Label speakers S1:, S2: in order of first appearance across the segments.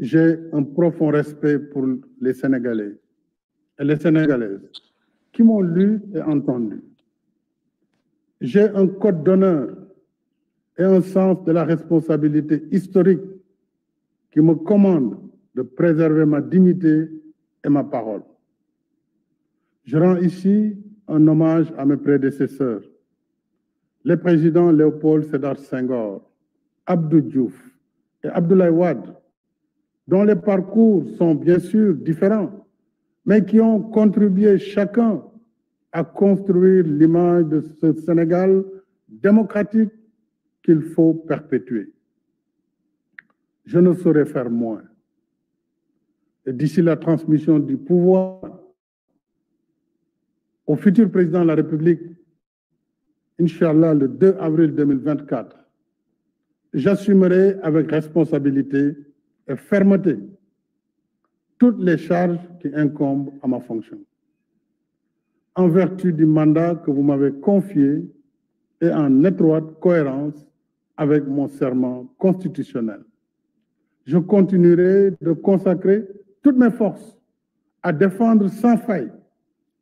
S1: J'ai un profond respect pour les Sénégalais et les Sénégalaises qui m'ont lu et entendu. J'ai un code d'honneur et un sens de la responsabilité historique qui me commande de préserver ma dignité et ma parole. Je rends ici un hommage à mes prédécesseurs, les présidents Léopold Sédar Senghor, Abdou Diouf, et Abdoulaye Wade, dont les parcours sont bien sûr différents, mais qui ont contribué chacun à construire l'image de ce Sénégal démocratique qu'il faut perpétuer. Je ne saurais faire moins. Et d'ici la transmission du pouvoir au futur président de la République, Inch'Allah, le 2 avril 2024, j'assumerai avec responsabilité et fermeté toutes les charges qui incombent à ma fonction. En vertu du mandat que vous m'avez confié et en étroite cohérence avec mon serment constitutionnel, je continuerai de consacrer toutes mes forces à défendre sans faille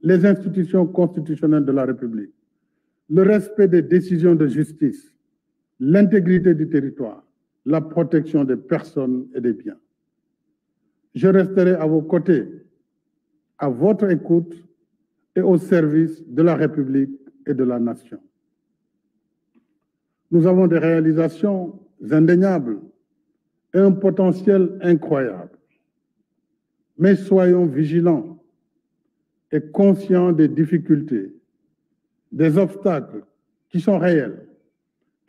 S1: les institutions constitutionnelles de la République, le respect des décisions de justice, l'intégrité du territoire, la protection des personnes et des biens. Je resterai à vos côtés, à votre écoute et au service de la République et de la nation. Nous avons des réalisations indéniables et un potentiel incroyable. Mais soyons vigilants et conscients des difficultés, des obstacles qui sont réels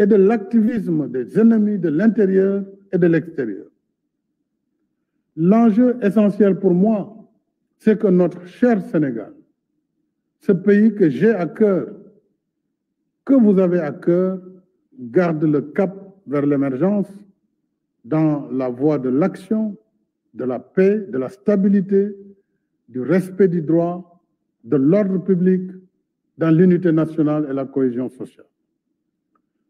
S1: et de l'activisme des ennemis de l'intérieur et de l'extérieur. L'enjeu essentiel pour moi, c'est que notre cher Sénégal, ce pays que j'ai à cœur, que vous avez à cœur, garde le cap vers l'émergence dans la voie de l'action, de la paix, de la stabilité, du respect du droit, de l'ordre public, dans l'unité nationale et la cohésion sociale.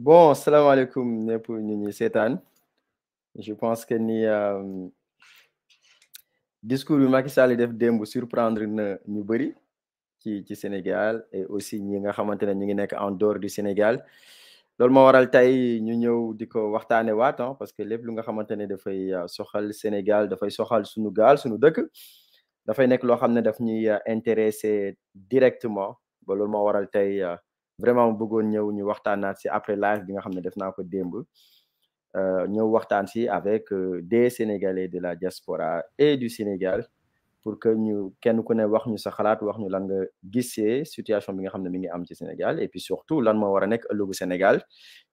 S2: Bon, salam alaikum, ñëpp ñu ñuy je pense que ni euh, discours de Macky Sall def démb surprendre na ñu bari ci ci Sénégal et aussi ñi nga xamantene ne ñu ngi nek en dehors du Sénégal Lool mo waral tay ñu ñew diko waxtane waxtaane hein, parce que lépp lu nga xamantene da fay euh, soxal Sénégal fay soxal suñu gal, suñu dëkk Da fay nek lo ne daf ñuy euh, intéressé directement ba lool mo waral tey vraiment bëggoon ñëw ñu waxtaanaat si après live bi nga xam ne def naa ko démb euh, ñëw avec euh, des sénégalais de la diaspora et du Sénégal pour que ñu kenn ku ne wax ñu sa xalaat wax ñu lan nga gisee situation bi nga xam ne mi ngi am ci Sénégal et puis surtout lan moo war a nekk ëllëgu Sénégal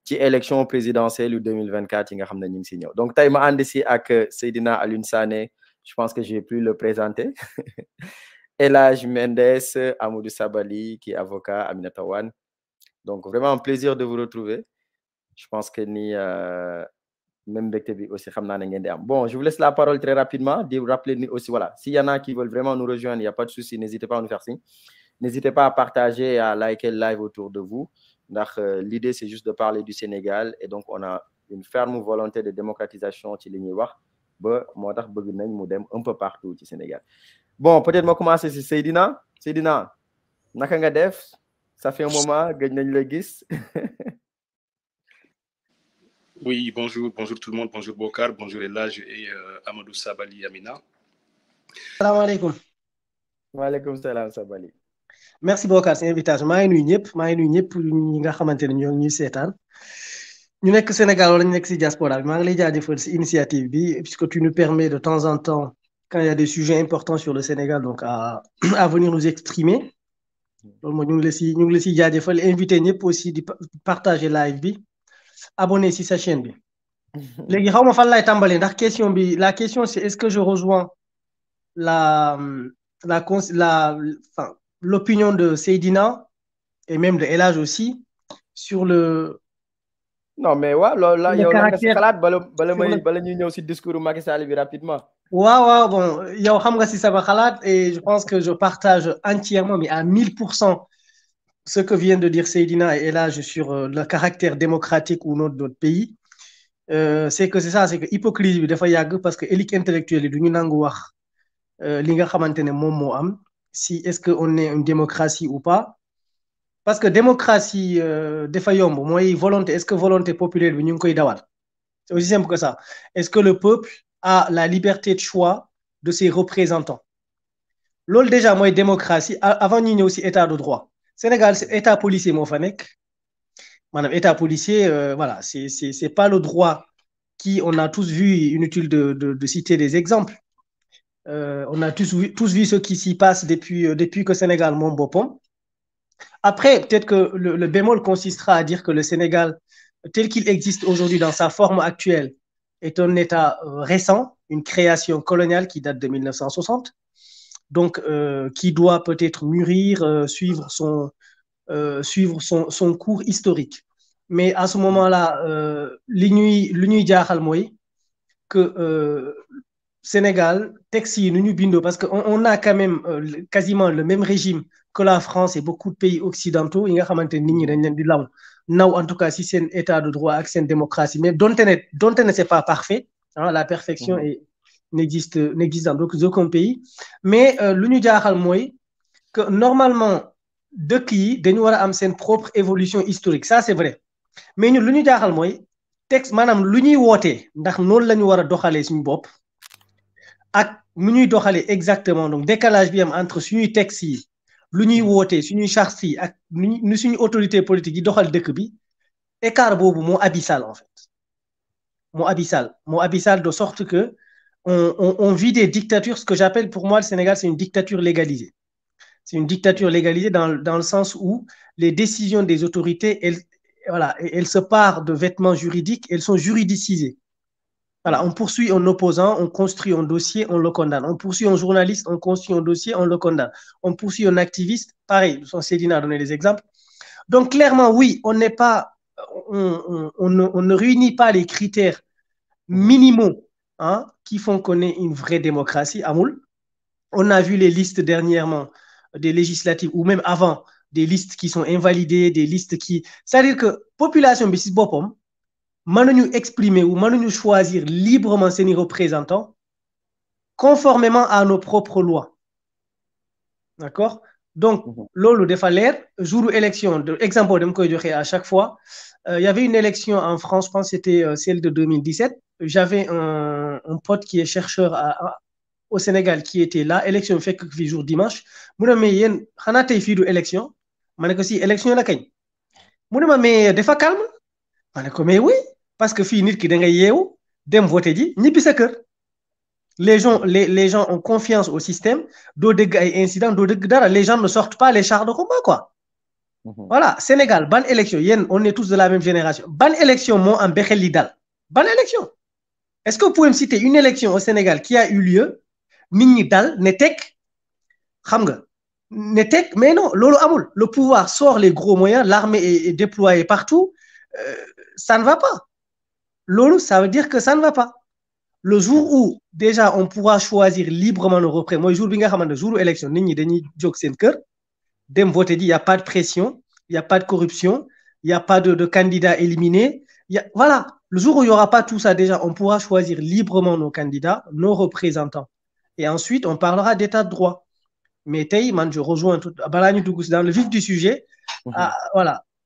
S2: ci élection présidentielle 2024 yi nga xam ne ngi si donc tey ma ànd si ak euh, Seydina al Sané je pense que j'ai plus le présenter Elage Mendes Amadou Sabali qui est avocat Aminata Wan donc vraiment un plaisir de vous retrouver je pense que ni euh, même aussi bon je vous laisse la parole très rapidement vous rappeler ni aussi voilà s'il y en a qui veulent vraiment nous rejoindre il n'y a pas de souci n'hésitez pas à nous faire signe n'hésitez pas à partager et à liker le live autour de vous euh, l'idée c'est juste de parler du Sénégal et donc on a une ferme volonté de démocratisation un peu partout au Sénégal bon peut-être ma commencer C'est Seydina Seydina naka ça fait un moment, Gagnon Legis. oui, bonjour, bonjour tout le monde, bonjour Bokar, bonjour Elage et euh, Amadou Sabali Amina. Salam alaikum. Wa alaikum salam
S3: Sabali. merci Bokar c'est invitation Je suis venu ñëpp maa ngi nuyu ñëpp ñi nga xamante ne nous ñuy Sénégal nous sommes au diaspora Je maa ngi lay jaajëfal initiative puisque tu nous permets de temps en temps quand il y a des sujets importants sur le Sénégal donc à venir nous exprimer loolu mooy ñu ngi la si ñu ngi la si jaajëfal invité ñëpp aussi di partager live bi abonné si sa chaîne bi léegi xaw ma fan laay tàmbalee ndax question bi la question c'est est-ce que je rejoins la la la enfin l'opinion de Seydina et même de El aussi sur le non mais là, loolu la yow la nga si xalaat bala bala may bala ñuy ñëw si
S2: discours Macky Sall bi rapidement
S3: Waouh, wow, bon, yow xam nga si sama xalaat et je pense que je partage entièrement, mais à 1000%, ce que vient de dire Seydina, et là je suis sur euh, le caractère démocratique ou non de notre pays, euh, c'est que c'est ça, c'est que hypocrisie bi dafa yàgg parce que élite intellectuelle yi du ñu nangu wax euh, li nga am si est-ce que on est une démocratie ou pas. parce que démocratie euh, dafa yomb mooy volonté est-ce que volonté populaire bi ñu koy dawal c'est aussi simple que ça est-ce que le peuple à la liberté de choix de ses représentants L'ol déjà moi démocratie avant y ni aussi état de droit Sénégal c'est état policier mon fa Madame, état policier euh, voilà c'est c'est c'est pas le droit qui on a tous vu inutile de de, citer des exemples euh, on a tous vu tous vu ce qui s'y passe depuis euh, depuis que Sénégal mon pont. après peut-être que le bémol consistera à dire que le Sénégal tel qu'il existe aujourd'hui dans sa forme actuelle est un État récent, une création coloniale qui date de 1960, donc euh, qui doit peut-être mûrir, euh, suivre, son, euh, suivre son, cours historique. Mais à ce moment-là, euh, l'Inui Djahalmoy, que Sénégal, Texi, Bindo, parce qu'on a quand même quasiment le même régime que la France et beaucoup de pays occidentaux, il y a now en tout cas si c'est un état de droit ak une démocratie mais dont ne ne c'est pas parfait hein, la perfection mhm. n'existe n'existe dans aucun pays mais euh, l'union ñu jaaxal que normalement de qui dañu war une propre évolution historique ça c'est vrai mais ñun lu ñu jaaxal texte maanaam lu ñuy wootee ndax noonu la ñu war a Nous avons bopp ak nu nous avons exactement donc décalage bien entre suñuy texte lu ñuy wootee suñuy ak suñu autorité politique yi doxal dëkk bi écart boobu abyssal en fait mon abyssal mon abyssal de sorte que on, on, on vit des dictatures ce que j'appelle pour moi le Sénégal c'est une dictature légalisée c'est une dictature légalisée dans, dans, le sens où les décisions des autorités elles voilà elles se parent de vêtements juridiques elles sont juridicisées on poursuit un opposant, on construit un dossier, on le condamne. On poursuit un journaliste, on construit un dossier, on le condamne. On poursuit un activiste, pareil, Céline a donné des exemples. Donc clairement, oui, on n'est pas, on, ne, réunit pas les critères minimaux hein, qui font qu'on ait une vraie démocratie à On a vu les listes dernièrement des législatives ou même avant des listes qui sont invalidées, des listes qui. C'est-à-dire que population Bessis Bopom, nous exprimer ou nous choisir librement ses représentants conformément à nos propres lois d'accord donc mhm. lolo dafa jour élection de exemple de koy à chaque fois il euh, y avait une élection en France je pense c'était euh, celle de 2017 j'avais un un pote qui est chercheur au Sénégal qui était là élection fait le jour dimanche mon ami mais yéen il y a du élection si élection la kañ ma mais dafa calme ma mais oui parce que fini nit da les gens les gens ont confiance au système incident les gens ne sortent pas les chars de combat quoi. Mhm. voilà Sénégal ban élection on est tous de la même génération ban élection mo am élection est-ce que vous pouvez me citer une élection au Sénégal qui a eu lieu nit dal mais non amul le pouvoir sort les gros moyens l'armée est déployée partout euh, ça ne va pas. Lolo, ça veut dire que ça ne va pas. Le jour où, déjà, on pourra choisir librement nos représentants, moi, le jour où le jour où l'élection, il n'y a pas de pression, il n'y a pas de corruption, il n'y a pas de, candidats éliminés. voilà, le jour où il n'y aura pas tout ça, déjà, on pourra choisir librement nos candidats, nos représentants. Et ensuite, on parlera d'état de droit. Mais je rejoins tout. Dans le vif du sujet, mmh. ah, voilà,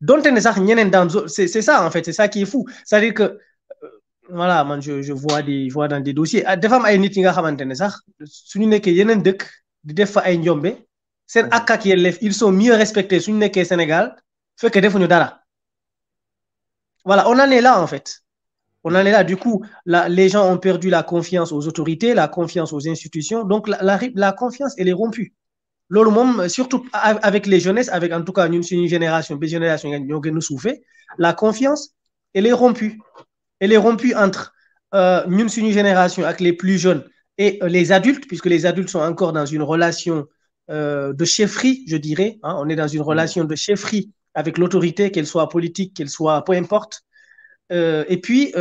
S3: Donc, c'est c'est ça en fait c'est ça qui est fou c'est-à-dire que euh, voilà man je je vois des je vois dans des dossiers ah, des femmes ay nit yi nga xamante sax suñu di def fa ay ah. ils sont mieux respectés suñu nekkee Sénégal fekk defuñu dara voilà on en est là en fait on en est là du coup la, les gens ont perdu la confiance aux autorités la confiance aux institutions donc la, la confiance elle est rompue loolu surtout avec les jeunesses avec en tout cas une suñu génération bi génération ñoo la confiance elle est rompue elle est rompue entre euh, ñun suñu génération avec les plus jeunes et euh, les adultes puisque les adultes sont encore dans une relation euh, de chefferie je dirais hein. on est dans une relation de chefferie avec l'autorité qu'elle soit politique qu'elle soit peu importe et puis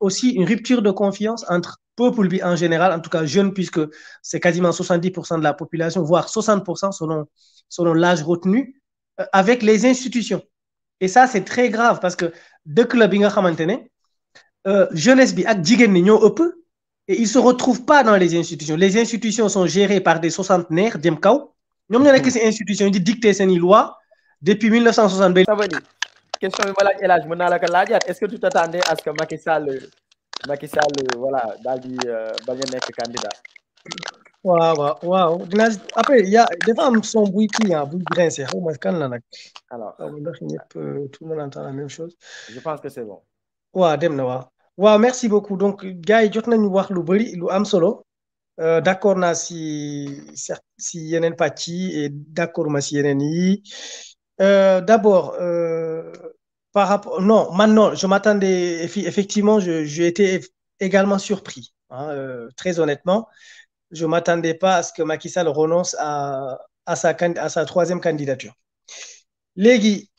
S3: aussi une rupture de confiance entre peuple en général, en tout cas jeune, puisque c'est quasiment 70% de la population, voire 60% selon, selon l'âge retenu, euh, avec les institutions. Et ça, c'est très grave parce que deux clubs, jeunes, jeunesse bi ak jigen ni et ils se retrouvent pas dans les institutions les institutions sont gérées par des soixantenaires des kaw ñom ñoo que ces institutions di dicter ces loi depuis 1960
S2: question depuis est-ce que tu t'attendais à ce que Macky le... Macky Sall voilà daal di euh, ba nga nekk candidat.
S3: waaw waaw waaw dinaa après y' a dafa am son buy client hein, buy grincé xaw ma kan la nak alors ndax peut tout le monde entend la même chose. je pense que c'est bon. waaw dem na wa wa merci beaucoup donc gars yi jot nañu wax lu bari lu am solo Euh, d'accord, na si si a pàcc yi et d'accord, ma si yeneen yi euh, d'abord, euh, non, maintenant, je m'attendais, effectivement, j'ai été également surpris, hein, euh, très honnêtement. Je ne m'attendais pas à ce que Macky Sall renonce à, sa, à sa troisième candidature. Légui,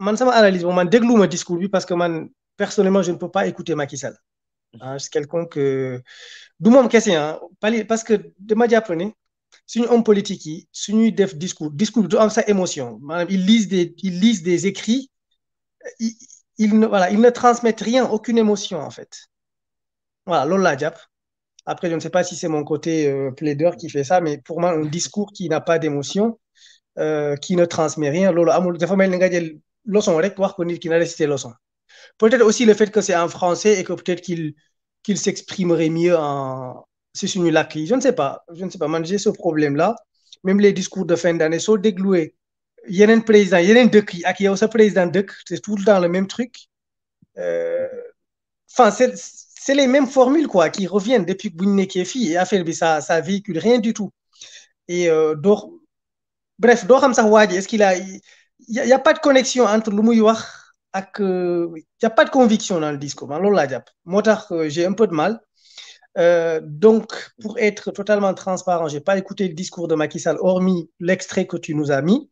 S3: man sama analyse bon man ma discours parce que personnellement je ne peux pas écouter Macky Sall hein, c'est quelqu'un que du question hein, parce que ma dit, c'est un homme politique qui a des discours discours a sa émotion Il ils des lisent des écrits il, ne, voilà, il ne transmettent rien, aucune émotion en fait. Voilà, Lola Diap. Après, je ne sais pas si c'est mon côté euh, plaideur qui fait ça, mais pour moi, un discours qui n'a pas d'émotion, euh, qui ne transmet rien, Lola des fois, mel leçon na leçon. Peut-être aussi le fait que c'est en français et que peut-être qu'il qu'il s'exprimerait mieux en c'est une je ne sais pas je ne sais pas manger j'ai ce problème là même les discours de fin d'année sont dégloués un président yeneen dëkk ak yow sa président c'est tout le temps le même truc euh, enfin c'est les mêmes formules quoi qui reviennent depuis que et ça ça véhicule rien du tout et euh, bref il xam est-ce qu'il a y a pas de connexion entre lu muy wax ak euh, y a pas de conviction dans le discours man j'ai un peu de mal donc, pour être totalement transparent, j'ai pas écouté le discours de Macky Sall, hormis l'extrait que tu nous as mis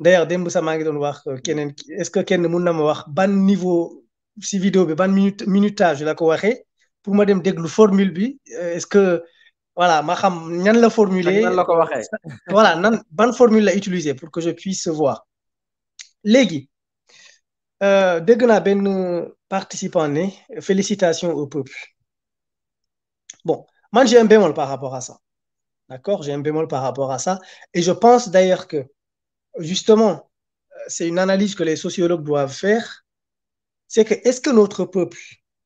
S3: d'ailleurs demb sa maa ngi doon wax euh, keneen est-ce que kenn mun na ma wax ban niveau si vidéo bi ban minute minutage la ko waxee pour ma dem déglu formule bi euh, est-ce que voilà ma xam ñan la formuler nan voilà nan ban formule la utiliser pour que je puisse voir léegi euh, dégg naa benn participant ne félicitations au peuple bon moi, j'ai un bémol par rapport à ça d'accord j'ai un bémol par rapport à ça et je pense d'ailleurs que justement, c'est une analyse que les sociologues doivent faire, c'est que est-ce que notre peuple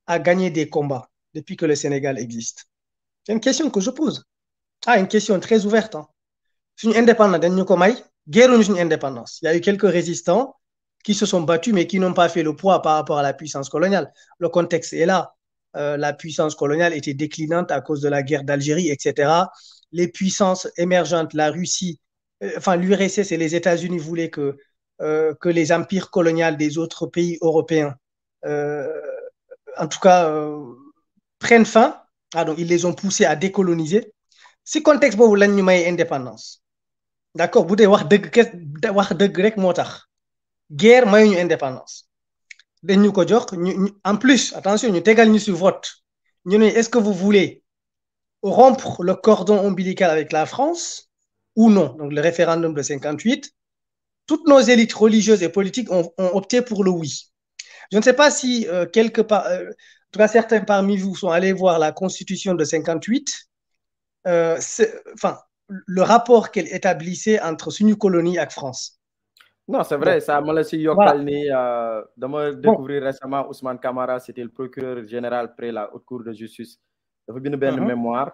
S3: a gagné des combats depuis que le Sénégal existe C'est une question que je pose. Ah, une question très ouverte. C'est hein. une indépendance. Guerre une indépendance. Il y a eu quelques résistants qui se sont battus, mais qui n'ont pas fait le poids par rapport à la puissance coloniale. Le contexte est là. Euh, la puissance coloniale était déclinante à cause de la guerre d'Algérie, etc. Les puissances émergentes, la Russie, euh, enfin l'URSS et les États-Unis voulaient que, euh, que les empires coloniaux des autres pays européens, euh, en tout cas, prennent fin. Ah, ils les ont poussés à décoloniser. Si contexte pour l'année indépendance. D'accord, Vous wax de wax Guerre may indépendance. en plus, attention, nous tégal sur vote. est-ce que vous voulez rompre le cordon ombilical avec la France ou non, donc le référendum de 58, toutes nos élites religieuses et politiques ont, opté pour le oui. Je ne sais pas si euh, quelques... Euh, en tout cas certains parmi vous sont allés voir la Constitution de 58. Euh, enfin, le rapport qu'elle établissait entre suñu colonie et France.
S2: non c'est vrai ça ma laissé Yokalni de me découvrir récemment Ousmane Camara c'était le procureur général près la haute cour de justice une de mhm. mémoire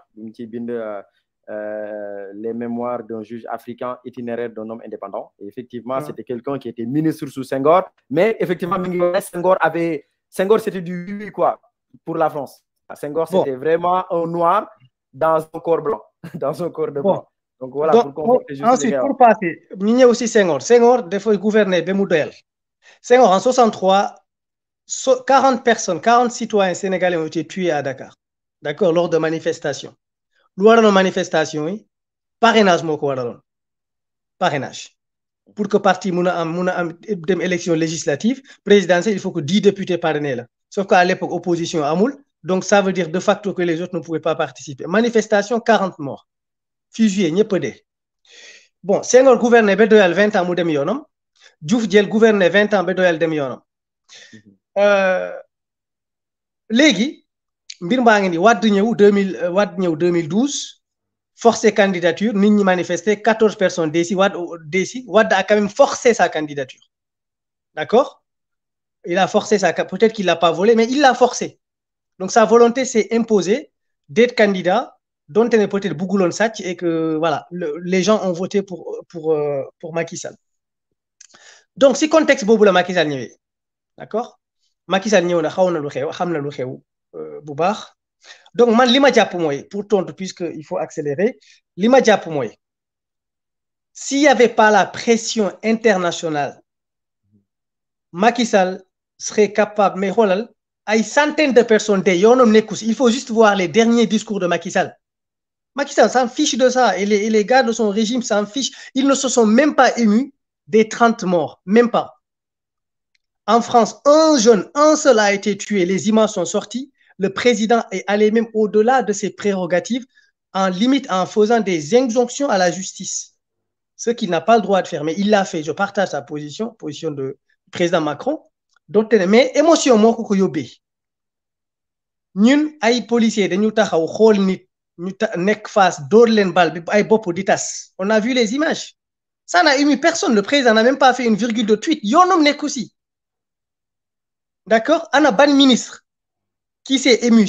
S2: euh, les mémoires d'un juge africain itinéraire d'un homme indépendant. effectivement, ah. c'était quelqu'un qui était ministre sous Senghor, mais effectivement, Senghor avait. c'était du quoi, pour la France. Senghor, c'était vraiment un noir dans
S3: un corps blanc, dans un corps de blanc. Donc
S2: voilà, Ensuite, pour
S3: passer, il aussi Senghor. Senghor, des fois, il gouvernait Senghor, en 63, 40 personnes, 40 citoyens sénégalais ont été tués à Dakar, d'accord, lors de manifestations lu manifestation parrainage moko waralon. parrainage pour que parti mun a am am élection législative présidentielle il faut que 10 députés parrainent. là. sauf qu'à l'époque opposition amoul, donc ça veut dire de facto que les autres ne pouvaient pas participer manifestation 40 morts fusillés n'y a bon Senghor gouverné ba 20 ans mu dem yoonam Diouf jël gouverné 20 ans ba doyal dem mbir mbaa ngi wad ñew 2000 wad 2012 forcé candidature nit ñi manifester 14 personnes déci Wad a quand même forcé sa candidature d'accord il a forcé sa peut-être qu'il l'a pas volé mais il l'a forcé donc sa volonté s'est imposée d'être candidat dont elle est peut-être bugulon sach et que voilà les gens ont voté pour pour euh, pour Macky Sall donc si contexte bobu la Macky Sall d'accord Macky Sall ñew na xawna lu xew xamna lu xew euh, Boubar donc man li ma jàpp puisque il faut accélérer li ma jàpp s'il y avait pas la pression internationale Macky Sall serait capable mais xoolal ay centaines de personnes il faut juste voir les derniers discours de Macky Sall s'en fiche de ça et les, les gars de son régime s'en fichent ils ne se sont même pas émus des 30 morts même pas en France, un jeune, un seul a été tué. Les images sont sorties le président est allé même au-delà de ses prérogatives en limite en faisant des injonctions à la justice, ce qu'il n'a pas le droit de faire. Mais il l'a fait. Je partage sa position, position de président Macron. Donc, mais émotion, moi, ko yobé. ñun ay policiers nous taxaw face bal on a vu les images ça n'a ému personne le président n'a même pas fait une virgule de tweet yoonam nek aussi d'accord ana ban ministre qui s'est ému.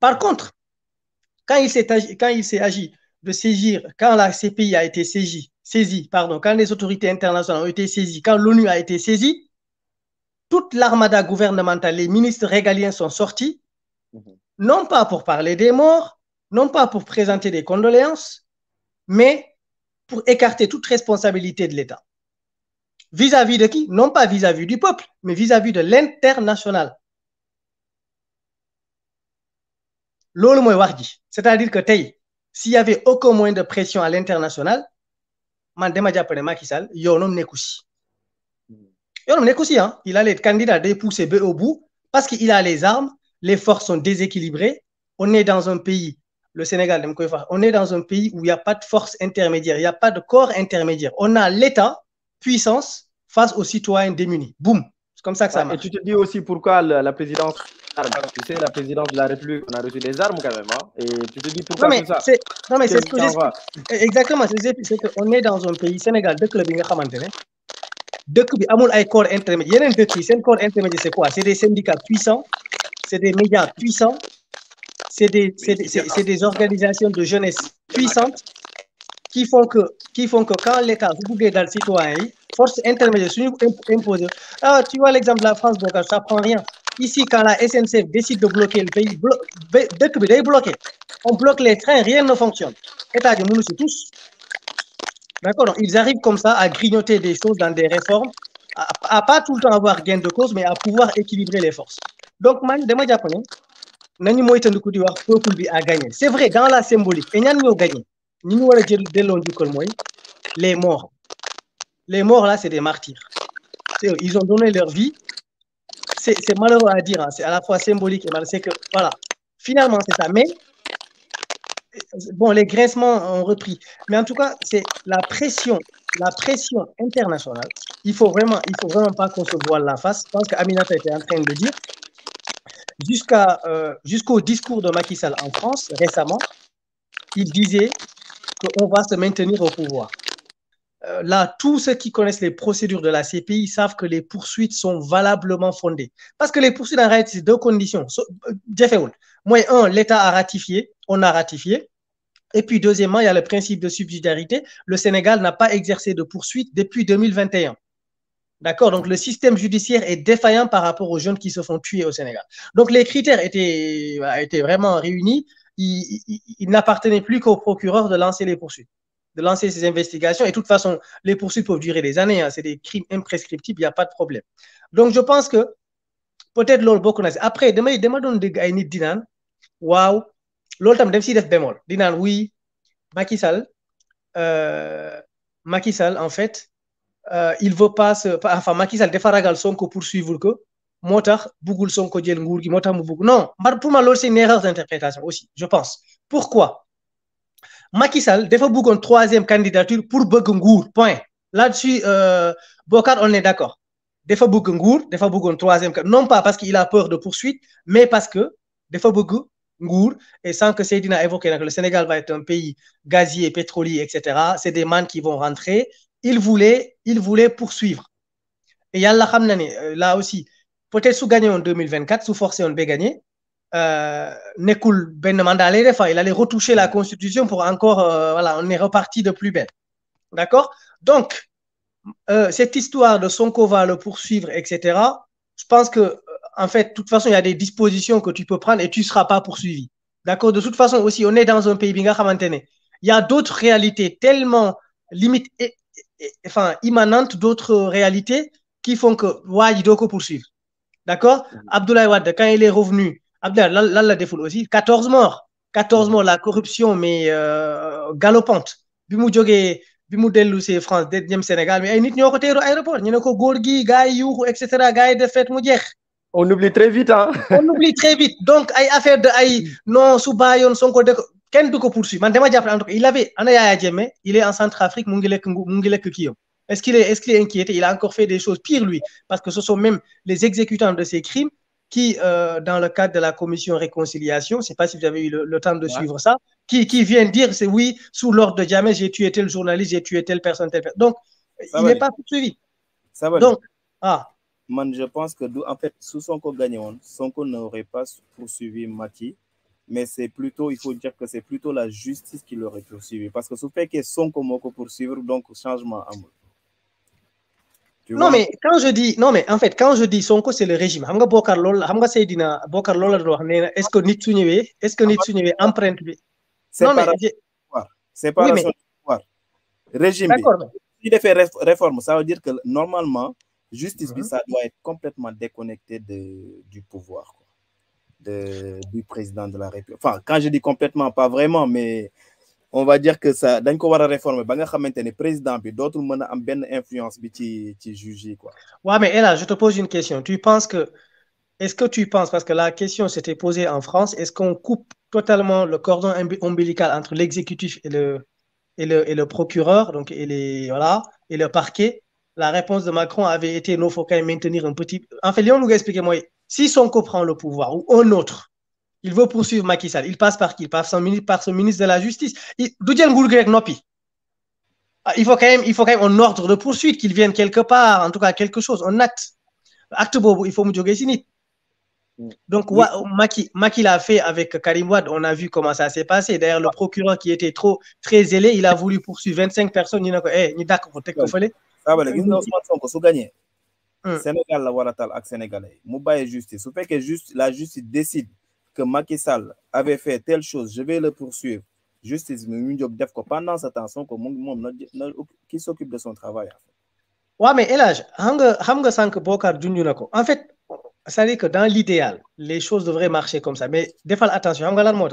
S3: Par contre, quand il s'est agi, agi de saisir, quand la CPI a été saisie, saisie, pardon, quand les autorités internationales ont été saisies, quand l'ONU a été saisie, toute l'armada gouvernementale, les ministres régaliens sont sortis, mhm. non pas pour parler des morts, non pas pour présenter des condoléances, mais pour écarter toute responsabilité de l'État. Vis-à-vis de qui Non pas vis-à-vis du peuple, mais vis à -vis de l'international. c'est-à-dire que s'il y avait aucun moyen de pression à l'international hmm. hein. il allait être candidat à pousser B au bout parce qu'il a les armes les forces sont déséquilibrées on est dans un pays le Sénégal on est dans un pays où il n'y a pas de force intermédiaire il n'y a pas de corps intermédiaire on a l'État puissance face aux citoyens démunis boum c'est comme ça que ça ah, marche et tu te
S2: dis aussi pourquoi la présidence armes. Tu sais, la présidence de la République, on a reçu des armes quand même. Hein, et
S3: tu te dis pourquoi non, mais ça Non, mais c'est ce que j'ai Exactement, c'est qu'on est dans un pays, Sénégal, dès que le Binga Khamantene, dès que Amoul a un corps intermédiaire, il y a un c'est un corps intermédiaire, c'est quoi C'est des syndicats puissants, c'est des médias puissants, c'est des, des, des organisations de jeunesse puissantes qui font que, qui font que quand l'État, vous dans le citoyen, force intermédiaire, imposer. Ah, tu vois l'exemple de la France, donc ça prend rien. Ici, quand la SNCF décide de bloquer le pays, dès que on bloque les trains, rien ne fonctionne. Et de nous, nous tous. D'accord ils arrivent comme ça à grignoter des choses dans des réformes, à, pas tout le temps avoir gain de cause, mais à pouvoir équilibrer les forces. Donc, man, moi, japonais, nañu di wax peuple gagné c'est vrai dans la symbolique et nous, gagné jël les morts les morts là c'est des martyrs ils ont donné leur vie c'est malheureux à dire, hein. c'est à la fois symbolique et malheureux. C'est que, voilà, finalement, c'est ça. Mais, bon, les graissements ont repris. Mais en tout cas, c'est la pression, la pression internationale. Il faut vraiment, il faut vraiment pas qu'on se voile la face. Je pense qu'Aminata était en train de dire. Euh, jusqu'au discours de Macky Sall en France récemment, il disait qu'on va se maintenir au pouvoir. Euh, là, tous ceux qui connaissent les procédures de la CPI savent que les poursuites sont valablement fondées. Parce que les poursuites, en réalité, c'est deux conditions. So, euh, fait, moi, un, l'État a ratifié, on a ratifié. Et puis, deuxièmement, il y a le principe de subsidiarité. Le Sénégal n'a pas exercé de poursuites depuis 2021. D'accord Donc, le système judiciaire est défaillant par rapport aux jeunes qui se font tuer au Sénégal. Donc, les critères étaient, vraiment réunis. il n'appartenait plus qu'au procureur de lancer les poursuites de lancer ces investigations. Et de toute façon, les poursuites peuvent durer des années. Hein. C'est des crimes imprescriptibles, il n'y a pas de problème. Donc, je pense que peut-être l'on bokk connaît. après demain demain doon dégg ay nit dinan demain waaw tam daf siy def bémol dinan oui euh, Macky Sall en fait euh, il ne veut pas se enfin Macky Sall dafa ragal Sonko poursuivre que moo tax buggul Sonko djel nguur gi moo tax non pour moi c'est une erreur d'interprétation aussi je pense pourquoi Macky Sall bouge une troisième candidature pour bëgg point là-dessus euh, Bokar on est d'accord fois bëgg nguur fois troisième non pas parce qu'il a peur de poursuite mais parce que des fois, nguur et sans que Seydina évoque que le Sénégal va être un pays gazier, pétrolier, etc. C'est des manques qui vont rentrer. Il voulait, il voulait poursuivre. Et Yallah euh, Khamnani, là aussi, peut-être sous gagner en 2024, sous forcer on peut gagner, ben il allait retoucher la constitution pour encore euh, voilà on est reparti de plus belle d'accord donc euh, cette histoire de Sonko va le poursuivre etc je pense que en fait de toute façon il y a des dispositions que tu peux prendre et tu ne seras pas poursuivi d'accord de toute façon aussi on est dans un pays bi il y a d'autres réalités tellement limites, enfin immanentes d'autres réalités qui font que ouais, il doit poursuivre d'accord mmh. Abdoulaye Wade quand il est revenu Abdel, là, la défoule aussi 14 morts 14 mm. morts la corruption mais euh, galopante bi mu Bimou bi mu si France deuxième Sénégal mais ay nit ñoo l'aéroport. teeru aéroport ñu ne ko góor etc. gars yi yuuxu et on oublie très vite hein on oublie très vite donc ay affaire de ay mm. non Soubayon, son Sonko de kenn du poursuivre man dama en tout il avait il est en Centrafrique mu ngi est-ce qu'il est est-ce qu'il est inquiété il a encore fait des choses pires lui parce que ce sont même les exécutants de ces crimes qui, euh, dans le cadre de la commission réconciliation, je ne sais pas si vous avez eu le, temps de suivre ça, qui, qui dire, c'est oui, sous l'ordre de jamais, j'ai tué tel journaliste, j'ai tué telle personne, telle personne. Donc, il n'est pas poursuivi. Ça va Donc, ah. je pense que, en fait,
S2: sous son Sonko gagnant, Sonko n'aurait pas poursuivi Mati, mais c'est plutôt, il faut dire que c'est plutôt la justice qui l'aurait poursuivi. Parce que ce fait que Sonko m'a poursuivre, donc changement à
S3: non mais quand je dis non mais en fait quand je dis Sonko c'est le régime est-ce que nit est-ce que nit su
S2: pouvoir régime il a fait réforme ça veut dire que normalement justice mhm. ça doit être complètement déconnecté de du pouvoir de du président de la République enfin quand je dis complètement pas vraiment mais on va dire que ça dañ ko wara va réformer ba nga président bi dootul mën a am influence bi ci ci juge quoi.
S3: mais là, je te pose une question tu penses que est-ce que tu penses parce que la question s'était posée en France est-ce qu'on coupe totalement le cordon ombilical entre l'exécutif et le et le et le procureur donc et les voilà et le parquet la réponse de Macron avait été non faut quand même maintenir un petit en fait Léon, nous si on comprend le pouvoir ou un autre il veut poursuivre Macky Sall. Il passe par qui il passe son ministre, par son ministre de la Justice. Ah, il faut, quand même, il faut quand même un ordre de poursuite, qu'il vienne quelque part, en tout cas quelque chose, un acte. Acte Bobo, il faut Moudjogé Donc, oui. Maki, l'a fait avec Karim Wad, on a vu comment ça s'est passé. D'ailleurs, le procureur qui était trop très zélé, il a voulu poursuivre 25 personnes. Il a dit ni d'accord, peut qu'il ils gagné. Hmm. Sénégal, la Waratal, avec Sénégalais.
S2: Mouba est justice. Ce fait que juste, la justice décide que Macky Sall avait fait telle chose je vais le poursuivre justice mais ñu pendant cette tension, que qui s'occupe de son
S3: travail en mais Elage, en fait c'est-à-dire que dans l'idéal les choses devraient marcher comme ça mais defal attention xam lan moo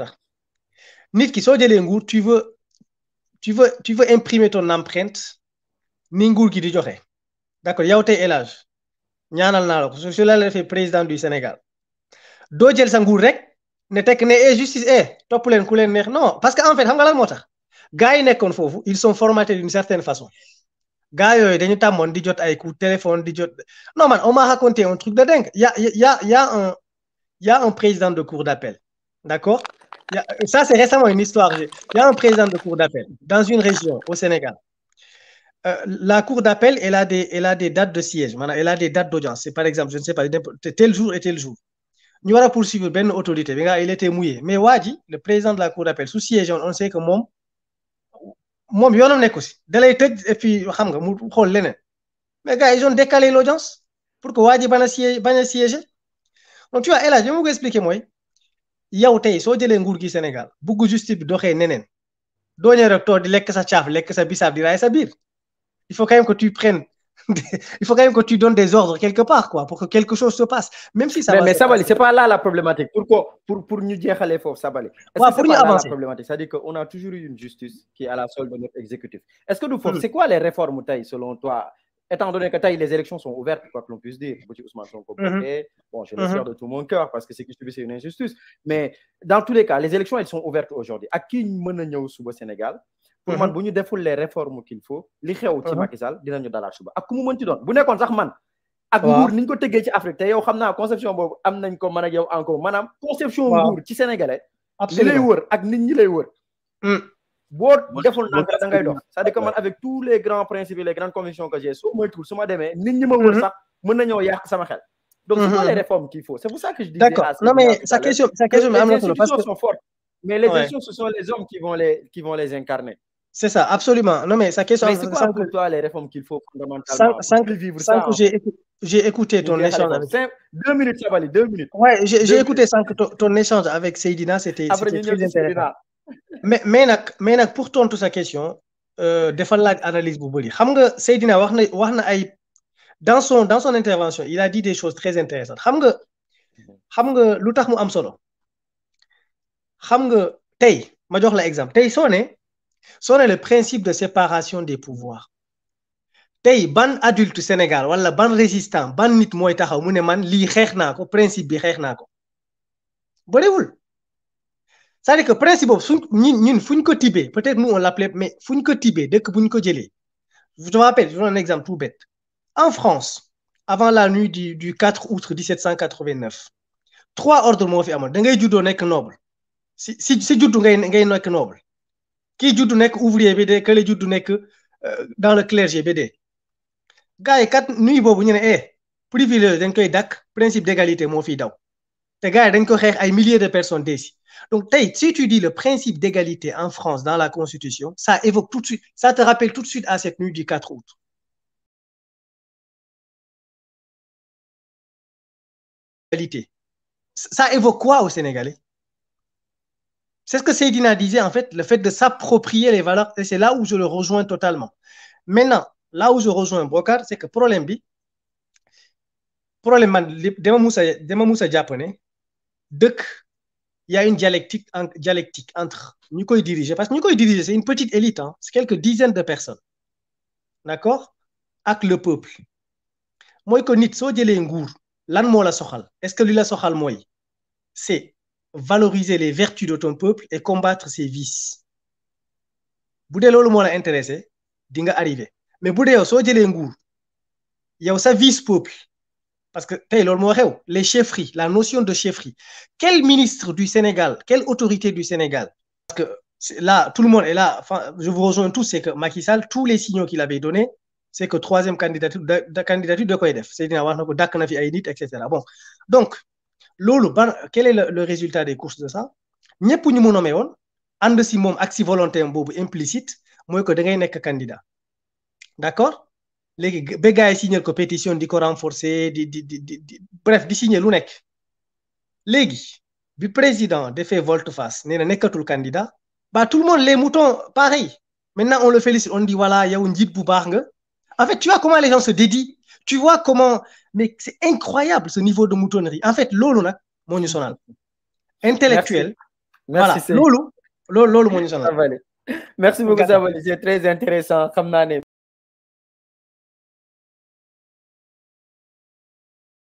S3: nit ki tu veux tu veux tu veux imprimer ton empreinte ni qui dit di d'accord yow tey El Hadj ñaanal naa la fait le président du Sénégal doo jël ne tekk ne eh, justice eh top len non parce que fait xam nga lan motax gars ils sont formatés d'une certaine façon gars yoy dañu tamone di jot ay coup téléphone di jot non on m'a raconté un truc de dingue y a y a y a un y a un président de cour d'appel d'accord ça c'est récemment une histoire Il y a un président de cour d'appel dans une région au Sénégal euh, la cour d'appel elle a des elle a des dates de siège elle a des dates d'audience c'est par exemple je ne sais pas tel jour et tel jour ñu war poursuivre une ben autorité bi nga il était mouillé mais Wadi, le président de la cour d'appel su siégeoon on sait que mon moom yoonam nekk si Dès lay et puis xam nga mu mais gars ils ont décalé l'audience pour que Wadi ji a sié bañ a donc tu vois El je bi ma expliquer moi. mooy yow tey soo jëlee nguur gi Sénégal bugg justice bi doxee neneen doo ñëw di lekk sa caaf lekk sa bisaab di raay sa bir. il faut quand même que tu prennes il faut quand même que tu donnes des ordres quelque part, quoi, pour que quelque chose se passe. Même si ça mais, va. ça va, c'est pas là la problématique. Pourquoi Pour, pour nous dire à l'effort, ça va. aller. pour la problématique
S2: C'est-à-dire qu'on a toujours eu une justice qui est à la solde de notre exécutif. Est-ce que nous, mm. c'est quoi les réformes, taille, selon toi Étant donné que taille, les élections sont ouvertes, quoi que l'on puisse dire, mm-hmm. bon, je le mm de tout mon cœur parce que c'est c'est une injustice. Mais dans tous les cas, les élections, elles sont ouvertes aujourd'hui. À qui nous au Sénégal pour mhm. man bu ñu deful les réformes qu'il faut li xew ci mhm. Macky Sall dinañu dalaat suba ak kumu mu mënti doon bu nekkon sax man ak nguur niñ ko tëggee ci Afrique te yow xamna conception bobu am nañ ko man ak yow encore manam conception nguur ci sénégalais li lay wër ak nit ñi lay wër bo deful na da ngay dox c'est-à-dire que man avec tous les grands principes et les grandes convictions que j'ai soo moytuwul tour ma nit ñi ma wër mhm. sax mën nañu yàq sama xel donc c'est pas les réformes qu'il faut c'est pour ça que je dis d'accord non mais sa question sa question mais les na parce que sont fortes mais les institutions ce sont les hommes qui vont les qui vont les incarner
S3: c'est ça, absolument. Non, mais ça question. Mais c'est quoi sans pour que,
S2: toi les réformes qu'il faut fondamentalement Sans, sans, vivre sans ça, que j'ai
S3: écouté, écouté ton échange avec.
S2: Deux minutes, ça valait. deux minutes.
S3: Ouais, j'ai écouté sans que ton, ton échange avec Seydina, c'était très intéressant. mais, mais, nak, mais nak, pour tontu sa question, euh, defal la analyse bu beuri nga Seydina ay dans son dans son intervention il a dit des choses très intéressantes xam nga xam nga mu am solo xam nga ma jox la exemple tey ne son est le principe de séparation des pouvoirs tey ban adulte Sénégal wala ban résistant ban nit mooy taxaw mu man li xeex ko principe bi xeex ko bëriwul c'est-à-dire que principe nous, nous, ñun ñun fu ko tibé, peut-être nous on l'appelait mais fuñ ko tibé dëkk bu ñu ko jëlee je vous rappelle je donne un exemple tout bête en France avant la nuit du du 4 août 1789 trois ordres moo fi Un da ngay juddoo nekk noble si si si un ngay ngay noble qui est nek ouvrier bi que kële juddu nek euh, dans le clergé e bi gars yi kat nuy bobu ñu né eh privilège dañ koy principe d'égalité mon fidèle. daw te gars dañ ko des ay milliers de personnes ici. donc tay si tu dis le principe d'égalité en France dans la Constitution ça évoque tout de suite ça te rappelle tout de suite à cette nuit du 4 août ça évoque quoi aux Sénégalais c'est ce que Seydina disait, en fait, le fait de s'approprier les valeurs, et c'est là où je le rejoins totalement. Maintenant, là où je rejoins Brocard, c'est que problème B, problème les Moussa japonais, il y a une dialectique, dialectique entre nous qui parce que nous qui c'est une petite élite, hein, c'est quelques dizaines de personnes, d'accord, avec le peuple. Moi, nit so lan la soxal? Est-ce que lui la C'est valoriser les vertus de ton peuple et combattre ses vices Si dee loolu la intéressé di nga arrivé mais si dee yow intéressé Il y a sa vice peuple parce que les chefferies la notion de chefferie quel ministre du Sénégal quelle autorité du Sénégal parce que là tout le monde est là je vous rejoins tous c'est que Macky Sall tous les signaux qu'il avait donnés c'est que troisième candidature De candidature c'est koy def Seydina wax na ko candidat na fi ay bon donc lolu quel est le résultat des courses de ça ñepp ñu mu nommé won ànd si mom ak si volonté implicite moy que da ngay candidat D'accord Les signent gars signent signer ko pétition di ko renforcer di di di di bref di signer lu nekk légui bi président fait volte-face nee tout candidat ba tout le monde les moutons pareil maintenant on le félicite on dit voilà il a un bu baax nga en fait tu vois comment les gens se dédient tu vois comment, mais c'est incroyable ce niveau de moutonnerie. En fait, lolo nak moo sonal. intellectuel. merci voilà lolo. lolo, loolu merci beaucoup c'est très intéressant